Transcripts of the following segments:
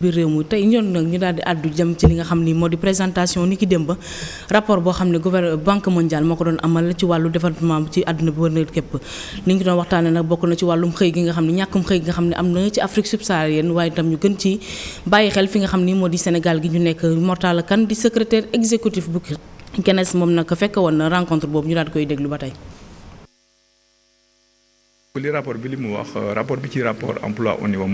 biir réew mi tey ñoon nag ñu daal di àddu jëm ci li nga xam ni moo di présentation ni ki dem ba rapport boo xam ne gouvernement banque mondiale moo ko doon amal ci wàllu développement ci àdduna bi wërngal képp li ñu doon waxtaane nag bokk na ci wàllum xëy gi nga xam ne ñàkkum xëy gi nga xam ne am na ci Afrique subsaharienne waaye itam ñu gën ci bàyyi xel fi nga xam ni moo di Sénégal gi ñu nekk Mortalla Kane di secrétaire exécutif bu CNES moom nag fekk woon na rencontre boobu ñu daal koy déglu ba tey li bi li mu wax rapport bi ci rapport emploi au niveau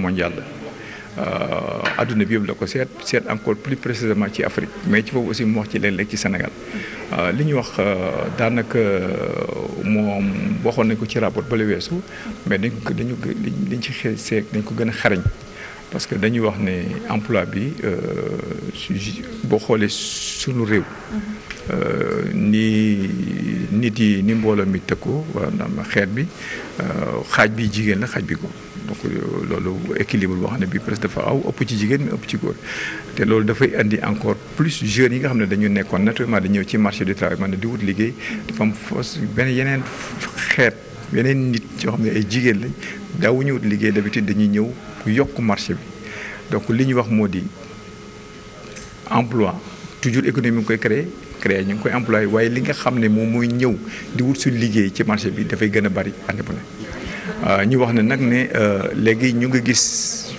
Euh, adduna bi yëpp la ko seet seet encore plus précisément ci Afrique mais ci foofu aussi mu wax ci léeg-léeg ci Sénégal euh, li ñu wax euh, daanaka moom waxoon nañ ko ci rapport ba la weesu mais dañ ko dañu liñ dañ ko gën a xarañ parce que dañuy wax ne emploi bi boo xoolee sunu réew nii nit yi ni mbooloo mi tëkkoo xeet bi xaaj bi jigéen la xaaj bi góor donc euh, loolu équilibre boo xam ne bii presque dafa aw ëpp ci jigéen mi ëpp ci góor te loolu dafay indi encore plus jeunes yi nga xam ne dañu nekkoon naturellement dañu ñëw ci marché du travail man di wut liggéey dafa am benn yeneen xeet yeneen nit yoo xam ne ay jigéen lañ daawuñu wut liggéey d'habitude dañuy ñëw yokk marché bi donc li ñu wax moo di emploi toujours économie mu ngi koy créer créer ñu ngi koy employé waaye li nga xam ne moom mooy ñëw di wut suñ liggéey ci marché bi dafay gën a bari année ne Euh, ñu wax ne nag ne euh, léegi ñu ngi gis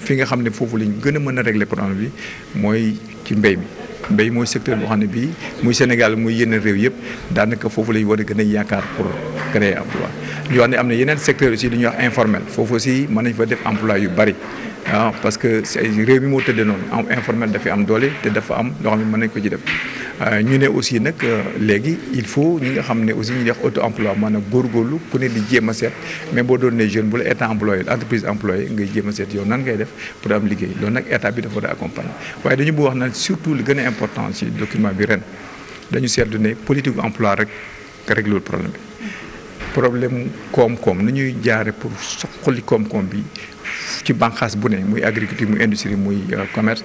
fi nga xam ne foofu lañ gën a mën a régler problème bi mooy ci mbey mi mbéy mooy secteur boo xam ne bii muy Sénégal muy yeneen réew yëpp daanaka foofu lañ war a gën a yaakaar pour créer emploi ñu wax ne am na yeneen secteur si lu ñuy wax informel foofu si mën nañ fa def emploi yu bari waaw ah, parce que réew mi moo tëddee noonu am informel dafay am doole te dafa am loo xam ne mën nañ ko ci def Euh, ñu ne aussi nag euh, léegi il faut ñi nga xam ne aussi ñu def auto emploi maanaam góorgóorlu ku ne di jéem a seet mais boo doon ne jeune bu la état employé entreprise employé ngay jéem a seet yow nan ngay def pour am liggéey loolu nag état bi dafa war a accompagner waaye dañu bëgg wax naan surtout li gën a important ci document bi ren dañu seetlu ne politique emploi rek réglewul problème bi problème koom-koom nu ñuy jaare pour soxali koom-koom bi ci banqaas bu ne muy agriculture muy industrie muy euh, commerce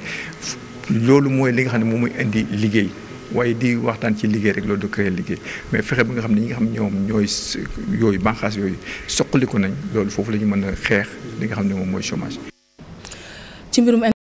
loolu mooy li nga xam ne moom mooy indi liggéey waaye di waxtaan ci liggéey rek loolu du créer liggéey mais fexe ba nga xam ne ñi nga xam ñoom ñooy yooyu banqaas yooyu soqaliku nañ loolu foofu la ñu mën a xeex li nga xam ne moom mooy chômage. ci mbirum